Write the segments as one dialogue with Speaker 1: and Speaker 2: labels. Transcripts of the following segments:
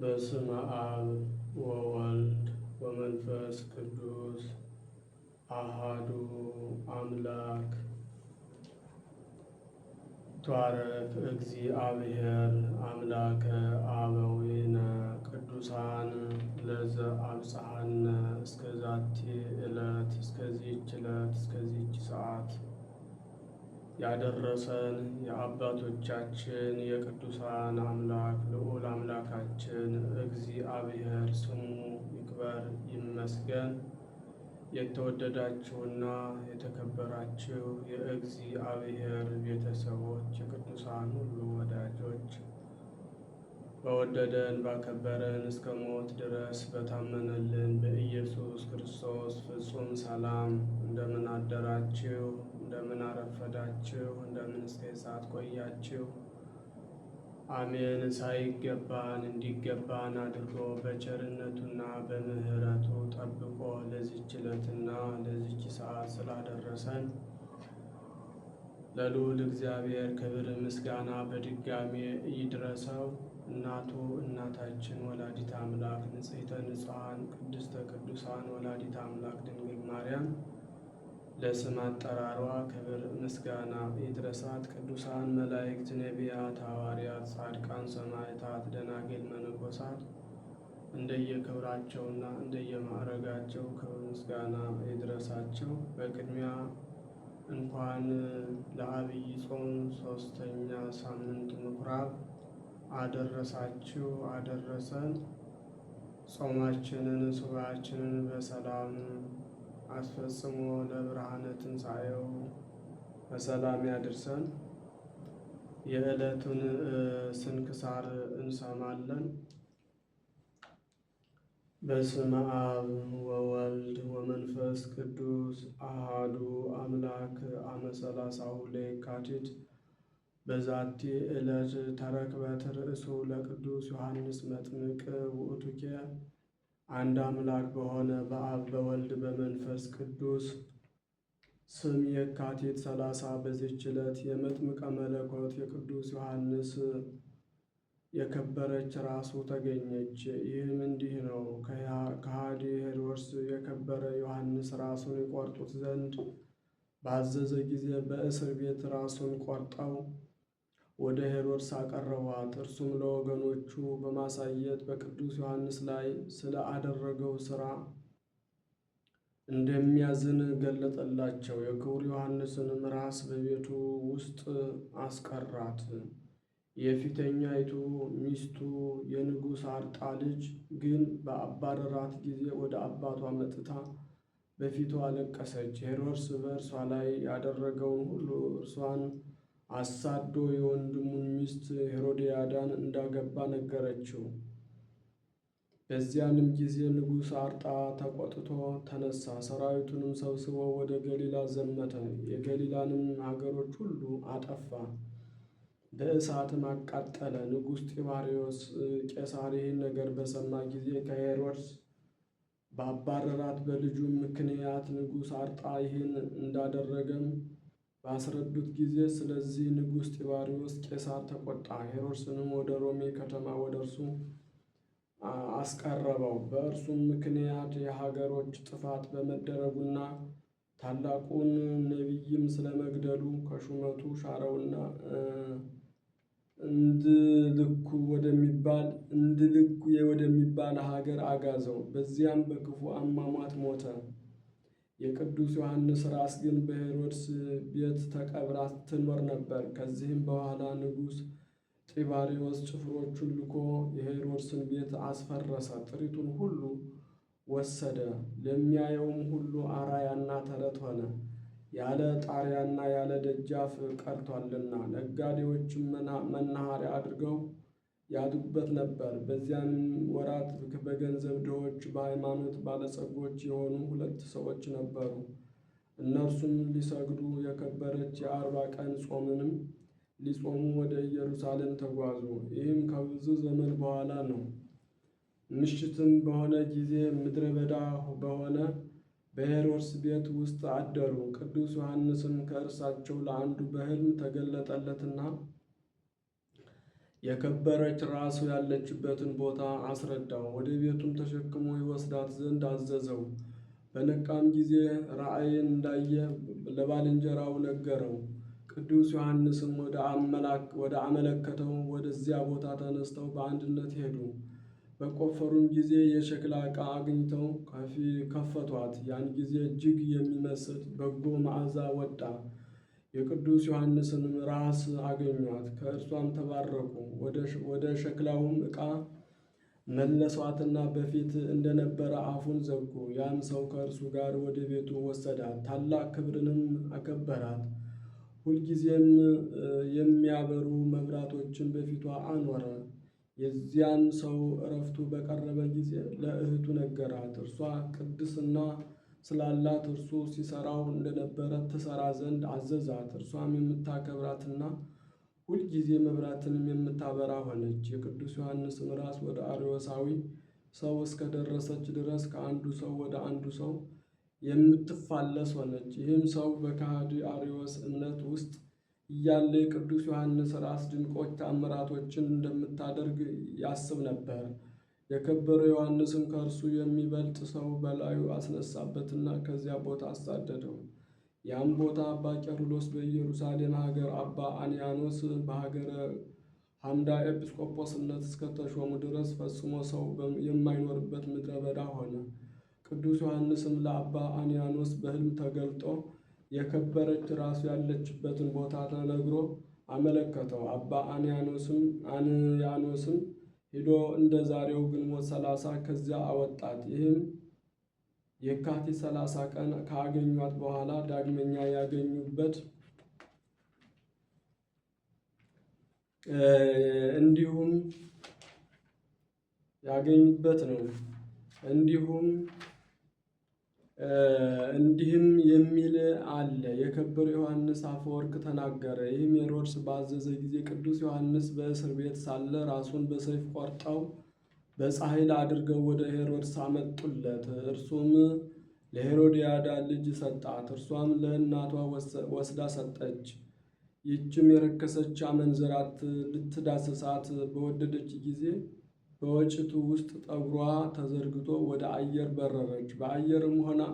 Speaker 1: በስመ አብ ወወልድ ወመንፈስ ቅዱስ አሃዱ አምላክ ቷረፍ እግዚአብሔር አምላከ አበዊነ ቅዱሳን ለዘ አብጽሐነ እስከዛቲ ዕለት እስከዚህች ዕለት እስከዚች ሰዓት ያደረሰን የአባቶቻችን የቅዱሳን አምላክ ልዑል አምላካችን እግዚአብሔር ስሙ ይክበር ይመስገን። የተወደዳችሁና የተከበራችሁ የእግዚአብሔር ቤተሰቦች፣ የቅዱሳን ሁሉ ወዳጆች በወደደን ባከበረን እስከ ሞት ድረስ በታመነልን በኢየሱስ ክርስቶስ ፍጹም ሰላም እንደምን አደራችሁ? እንደምን አረፈዳችሁ፣ እንደምን እስከ ሰዓት ቆያችሁ። አሜን። ሳይገባን እንዲገባን አድርጎ በቸርነቱና በምሕረቱ ጠብቆ ለዚች ዕለትና ለዚች ሰዓት ስላደረሰን ለልዑል እግዚአብሔር ክብር ምስጋና በድጋሜ ይድረሰው። እናቱ እናታችን ወላዲት አምላክ ንጽሕተ ንጹሐን ቅድስተ ቅዱሳን ወላዲት አምላክ ድንግል ማርያም ለስም አጠራሯ ክብር ምስጋና ይድረሳት። ቅዱሳን መላእክት፣ ነቢያት፣ ሐዋርያት፣ ጻድቃን፣ ሰማዕታት፣ ደናግል፣ መነኮሳት እንደየክብራቸውና እንደየማዕረጋቸው ክብር ምስጋና ይድረሳቸው። በቅድሚያ እንኳን ለአብይ ጾም ሶስተኛ ሳምንት ምኩራብ አደረሳችሁ አደረሰን። ጾማችንን ሱባኤያችንን በሰላም አስፈጽሞ ለብርሃነ ትንሣኤው በሰላም ያድርሰን። የዕለቱን ስንክሳር እንሰማለን። በስመ አብ ወወልድ ወመንፈስ ቅዱስ አሃዱ አምላክ አመ ሰላሳሁ ለየካቲት በዛቲ ዕለት ተረክበት ርእሱ ለቅዱስ ዮሐንስ መጥምቅ ውእቱኬ አንድ አምላክ በሆነ በአብ በወልድ በመንፈስ ቅዱስ ስም የካቲት ሰላሳ በዚች ዕለት የመጥምቀ መለኮት የቅዱስ ዮሐንስ የከበረች ራሱ ተገኘች። ይህም እንዲህ ነው። ከሃዲ ሄሮድስ የከበረ ዮሐንስ ራሱን ይቆርጡት ዘንድ ባዘዘ ጊዜ በእስር ቤት ራሱን ቆርጠው ወደ ሄሮድስ አቀረቧት። እርሱም ለወገኖቹ በማሳየት በቅዱስ ዮሐንስ ላይ ስለ አደረገው ሥራ እንደሚያዝን ገለጠላቸው። የክቡር ዮሐንስንም ራስ በቤቱ ውስጥ አስቀራት። የፊተኛይቱ ሚስቱ የንጉሥ አርጣ ልጅ ግን በአባረራት ጊዜ ወደ አባቷ መጥታ በፊቱ አለቀሰች። ሄሮድስ በእርሷ ላይ ያደረገውን ሁሉ እርሷን አሳዶ የወንድሙን ሚስት ሄሮድያዳን እንዳገባ ነገረችው። በዚያንም ጊዜ ንጉሥ አርጣ ተቆጥቶ ተነሳ፣ ሰራዊቱንም ሰብስቦ ወደ ገሊላ ዘመተ። የገሊላንም ሀገሮች ሁሉ አጠፋ፣ በእሳትም አቃጠለ። ንጉሥ ጢባርዮስ ቄሳር ይህን ነገር በሰማ ጊዜ ከሄሮድስ ባባረራት በልጁ ምክንያት ንጉሥ አርጣ ይህን እንዳደረገም ባስረዱት ጊዜ ስለዚህ ንጉሥ ጢባሪዎስ ቄሳር ተቆጣ። ሄሮድስንም ወደ ሮሜ ከተማ ወደ እርሱ አስቀረበው። በእርሱም ምክንያት የሀገሮች ጥፋት በመደረጉና ታላቁን ነቢይም ስለመግደሉ ከሹመቱ ሻረውና እንድልኩ ወደሚባል እንድልኩ ወደሚባል ሀገር አጋዘው። በዚያም በክፉ አሟሟት ሞተ። የቅዱስ ዮሐንስ ራስ ግን በሄሮድስ ቤት ተቀብራ ትኖር ነበር። ከዚህም በኋላ ንጉሥ ጢባሪዎስ ጭፍሮቹን ልኮ የሄሮድስን ቤት አስፈረሰ፣ ጥሪቱን ሁሉ ወሰደ። ለሚያየውም ሁሉ አራያና ተረት ሆነ፣ ያለ ጣሪያና ያለ ደጃፍ ቀርቷልና። ነጋዴዎችም መናኸሪያ አድርገው ያድጉበት ነበር። በዚያን ወራት በገንዘብ ድሆች፣ በሃይማኖት ባለጸጎች የሆኑ ሁለት ሰዎች ነበሩ። እነርሱም ሊሰግዱ የከበረች የአርባ ቀን ጾምንም ሊጾሙ ወደ ኢየሩሳሌም ተጓዙ። ይህም ከብዙ ዘመን በኋላ ነው። ምሽትም በሆነ ጊዜ ምድረ በዳ በሆነ በሄሮድስ ቤት ውስጥ አደሩ። ቅዱስ ዮሐንስም ከእርሳቸው ለአንዱ በሕልም ተገለጠለትና የከበረች ራሱ ያለችበትን ቦታ አስረዳው። ወደ ቤቱም ተሸክሞ ይወስዳት ዘንድ አዘዘው። በነቃም ጊዜ ራእይን እንዳየ ለባልንጀራው ነገረው። ቅዱስ ዮሐንስም ወደ አመለከተው ወደዚያ ቦታ ተነስተው በአንድነት ሄዱ። በቆፈሩም ጊዜ የሸክላ ዕቃ አግኝተው ከፊ ከፈቷት። ያን ጊዜ እጅግ የሚመስል በጎ መዓዛ ወጣ። የቅዱስ ዮሐንስን ራስ አገኟት፣ ከእርሷም ተባረኩ። ወደ ሸክላውም ዕቃ መለሷትና በፊት እንደነበረ አፉን ዘጉ። ያን ሰው ከእርሱ ጋር ወደ ቤቱ ወሰዳት፣ ታላቅ ክብርንም አከበራት። ሁልጊዜም የሚያበሩ መብራቶችን በፊቷ አኖረ። የዚያም ሰው እረፍቱ በቀረበ ጊዜ ለእህቱ ነገራት። እርሷ ቅድስና ስላላት እርሱ ሲሰራው እንደነበረ ትሰራ ዘንድ አዘዛት። እርሷም የምታከብራትና ሁልጊዜ መብራትንም የምታበራ ሆነች። የቅዱስ ዮሐንስም ራስ ወደ አርዮሳዊ ሰው እስከደረሰች ድረስ ከአንዱ ሰው ወደ አንዱ ሰው የምትፋለስ ሆነች። ይህም ሰው በከሃዲ አርዮስ እምነት ውስጥ እያለ የቅዱስ ዮሐንስ ራስ ድንቆች ተአምራቶችን እንደምታደርግ ያስብ ነበር። የከበረ ዮሐንስም ከእርሱ የሚበልጥ ሰው በላዩ አስነሳበትና ከዚያ ቦታ አሳደደው። ያም ቦታ አባ ቄርሎስ በኢየሩሳሌም ሀገር አባ አንያኖስ በሀገረ ሐምዳ ኤጲስቆጶስነት እስከተሾሙ ድረስ ፈጽሞ ሰው የማይኖርበት ምድረ በዳ ሆነ። ቅዱስ ዮሐንስም ለአባ አንያኖስ በሕልም ተገልጦ የከበረች ራሱ ያለችበትን ቦታ ተነግሮ አመለከተው። አባ አንያኖስም አንያኖስም ሄዶ እንደ ዛሬው ግንቦት ሰላሳ ከዚያ አወጣት። ይህም የካቲት ሰላሳ ቀን ካገኟት በኋላ ዳግመኛ ያገኙበት እንዲሁም ያገኙበት ነው። እንዲሁም እንዲህም የሚል አለ። የከበረ ዮሐንስ አፈወርቅ ተናገረ። ይህም ሄሮድስ ባዘዘ ጊዜ ቅዱስ ዮሐንስ በእስር ቤት ሳለ ራሱን በሰይፍ ቆርጠው በፀሐይል አድርገው ወደ ሄሮድስ አመጡለት። እርሱም ለሄሮድያዳ ልጅ ሰጣት። እርሷም ለእናቷ ወስዳ ሰጠች። ይችም የረከሰች አመንዝራት ልትዳስሳት በወደደች ጊዜ በወጭቱ ውስጥ ጠጉሯ ተዘርግቶ ወደ አየር በረረች። በአየርም ሆና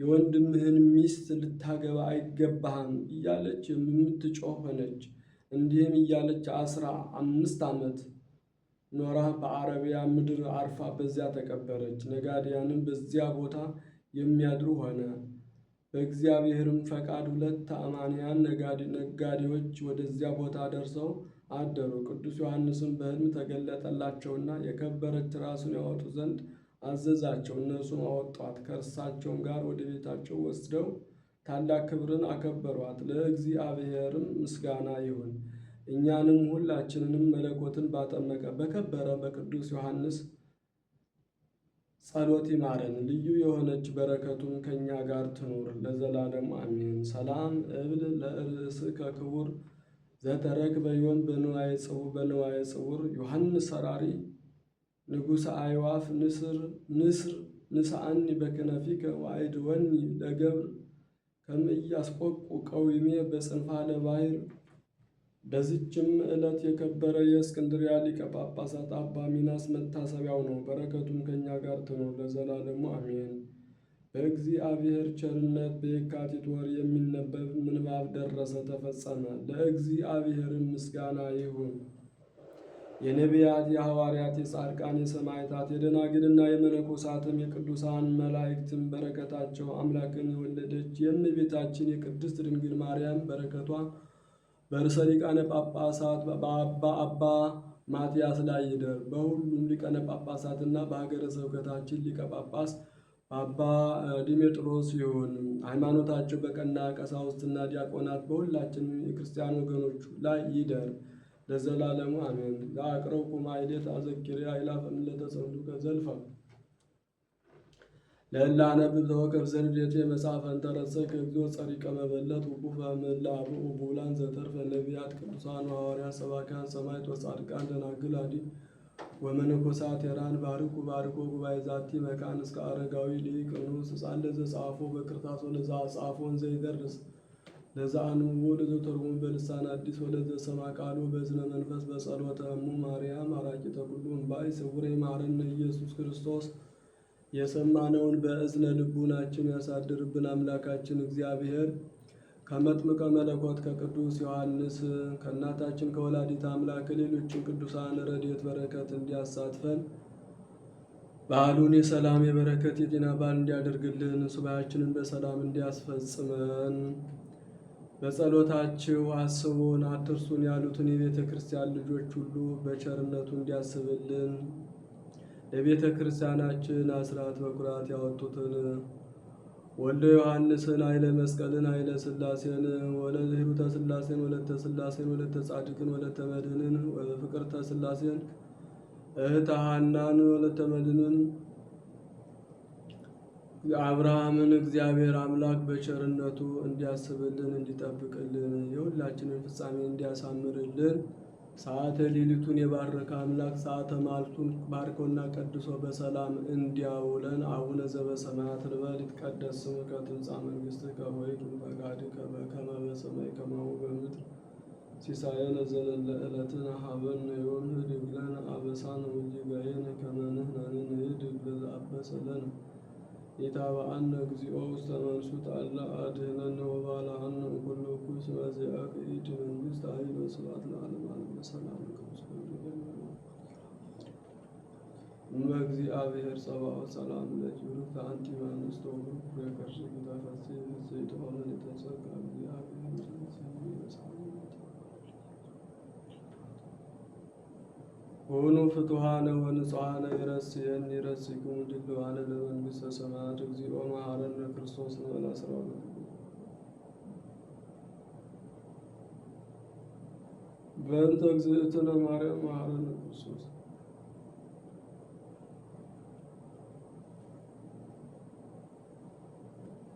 Speaker 1: የወንድምህን ሚስት ልታገባ አይገባህም እያለች የምትጮህ ሆነች። እንዲህም እያለች አስራ አምስት ዓመት ኖራ በአረቢያ ምድር አርፋ በዚያ ተቀበረች። ነጋዲያንም በዚያ ቦታ የሚያድሩ ሆነ። በእግዚአብሔርም ፈቃድ ሁለት አማንያን ነጋዴዎች ወደዚያ ቦታ ደርሰው አደሩ። ቅዱስ ዮሐንስም በሕልም ተገለጠላቸውና የከበረች ራሱን ያወጡ ዘንድ አዘዛቸው። እነሱም አወጧት። ከእርሳቸውም ጋር ወደ ቤታቸው ወስደው ታላቅ ክብርን አከበሯት። ለእግዚአብሔርም ምስጋና ይሁን። እኛንም ሁላችንንም መለኮትን ባጠመቀ በከበረ በቅዱስ ዮሐንስ ጸሎት ይማረን። ልዩ የሆነች በረከቱን ከእኛ ጋር ትኑር ለዘላለም አሜን። ሰላም እብል ለርእስከ ከክቡር ዘተረክ በዮን በንዋየ ጽውር በንዋየ ጽውር ዮሐንስ ሰራሪ ንጉሥ አይዋፍ ንስር ንስር ንስአኒ በክነፊከ ወአይድወኒ ለገብር ከም እያስቆቁ ቀዊሜ በጽንፋ ለባህር። በዚችም ዕለት የከበረ የእስክንድሪያ ሊቀ ጳጳሳት አባ ሚናስ መታሰቢያው ነው። በረከቱም ከእኛ ጋር ትኖር ለዘላለሙ አሜን። በእግዚአብሔር ቸርነት በየካቲት ወር የሚነበብ ምንባብ ደረሰ፣ ተፈጸመ። ለእግዚአብሔርም ምስጋና ይሁን። የነቢያት፣ የሐዋርያት፣ የጻድቃን፣ የሰማዕታት፣ የደናግልና የመነኮሳትም የቅዱሳን መላእክትም በረከታቸው አምላክን የወለደች የእመቤታችን የቅድስት ድንግል ማርያም በረከቷ በርዕሰ ሊቃነ ጳጳሳት በአባ አባ ማትያስ ላይ ይደር። በሁሉም ሊቃነ ጳጳሳትና በሀገረ ስብከታችን ሊቀ ጳጳስ አባ ዲሜጥሮስ ይሁን ሃይማኖታቸው በቀና ቀሳውስትና ዲያቆናት በሁላችን የክርስቲያን ወገኖች ላይ ይደር ለዘላለሙ አሜን። ለአቅረው ቁማ ሂደት አዘኪሬ አይላፈ እምለተ ሰንዱቀ ለላ ለእላ ነብብ ተወከፍ ዘንዴቴ መጽሐፈን ተረሰ ከእግዚኦ ጸሪቀ መበለት ውቁፈ ምላ ብኡ ቡላን ዘተርፈ ነቢያት ቅዱሳን ሐዋርያ ሰባኪያን ሰማዕት ጻድቃን ደናግል አዲ ወመነኮሳት የራን ባርኩ ባርኮ ጉባኤ ዛቲ መካን እስከ አረጋዊ ሊቅ ንስ ሕፃን ለዘ ጻፎ በቅርታስ ለዛ ጻፎን ዘይደርስ ለዛ አንብቦ ለዘ ተርጉም በልሳን አዲስ ወለዘ ሰማ ቃሉ በዝነ መንፈስ በጸሎተ እሙ ማርያም አራቂ ተኩሉ ባይ ስውሬ ማረነ ኢየሱስ ክርስቶስ የሰማነውን በእዝነ ልቡናችን ያሳድርብን አምላካችን እግዚአብሔር ከመጥምቀ መለኮት ከቅዱስ ዮሐንስ ከእናታችን ከወላዲት አምላክ ሌሎችን ቅዱሳን ረድኤት በረከት እንዲያሳትፈን በዓሉን የሰላም የበረከት የጤና በዓል እንዲያደርግልን ሱባኤያችንን በሰላም እንዲያስፈጽመን በጸሎታችሁ አስቡን አትርሱን ያሉትን የቤተ ክርስቲያን ልጆች ሁሉ በቸርነቱ እንዲያስብልን ለቤተ ክርስቲያናችን አስራት በኩራት ያወጡትን ወልደ ዮሐንስን ኃይለ መስቀልን ኃይለ ስላሴን ወለተ ሂሩተ ስላሴን ወለተ ሥላሴን ወለተ ጻድቅን ወለተ መድህንን ፍቅርተ ሥላሴን እህተ ሐናን ወለተ መድህንን አብርሃምን እግዚአብሔር አምላክ በቸርነቱ እንዲያስብልን እንዲጠብቅልን የሁላችንን ፍጻሜ እንዲያሳምርልን ሰዓተ ሌሊቱን የባረከ አምላክ ሰዓተ ማልቱን ባርኮና ቀድሶ በሰላም እንዲያውለን። አቡነ ዘበሰማያት ልበል ይትቀደስ ስምከ ትምጻእ መንግሥትከ ወይኩን ፈቃድከ በከመ በሰማይ ከማሁ በምድር ሲሳየነ ዘለለዕለትነ ሀበነ ዮም ህድግ ለነ አበሳነ ወጌጋየነ ከመ ንሕነኒ ንህድግ ለዘአበሰ ለነ ኢታብአነ እግዚኦ ውስተ መንሱት አላ አድኅነነ ወባልሐነ ኩሉ ኩይ እስመ ዚአከ ኢቲ መንግሥት ኃይል ወስብሐት ለዓለሙ በእግዚአብሔር ጸባኦት ሰላም ለጅ ብሩክ ከአንቲ መንስቶ ብሩክ ፍሬከርሽ ቢታፈሲ ንጽሕት ሆነ የተሰቀ እግዚአብሔር ሁኑ ፍቱሃነ ወንጽሐነ ይረስየን ይረስይኩሙ ድሉዋነ ለመንግሥተ ሰማያት እግዚኦ መሐረነ ክርስቶስ እንበለ አስራ ሁለት በእንተ እግዝእትነ ማርያም መሐረነ ክርስቶስ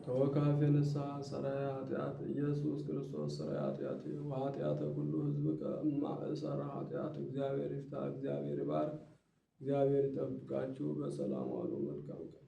Speaker 1: ተወካፌ ንስሐ ሠራዬ ኃጢአት ኢየሱስ ክርስቶስ ሠራዬ ኃጢአት ኃጢአተ ሁሉ ህዝብ ሰራ ኃጢአት እግዚአብሔር ይፍታ፣ እግዚአብሔር ይባርክ፣ እግዚአብሔር ይጠብቃችሁ። በሰላም ዋሉ። መልካም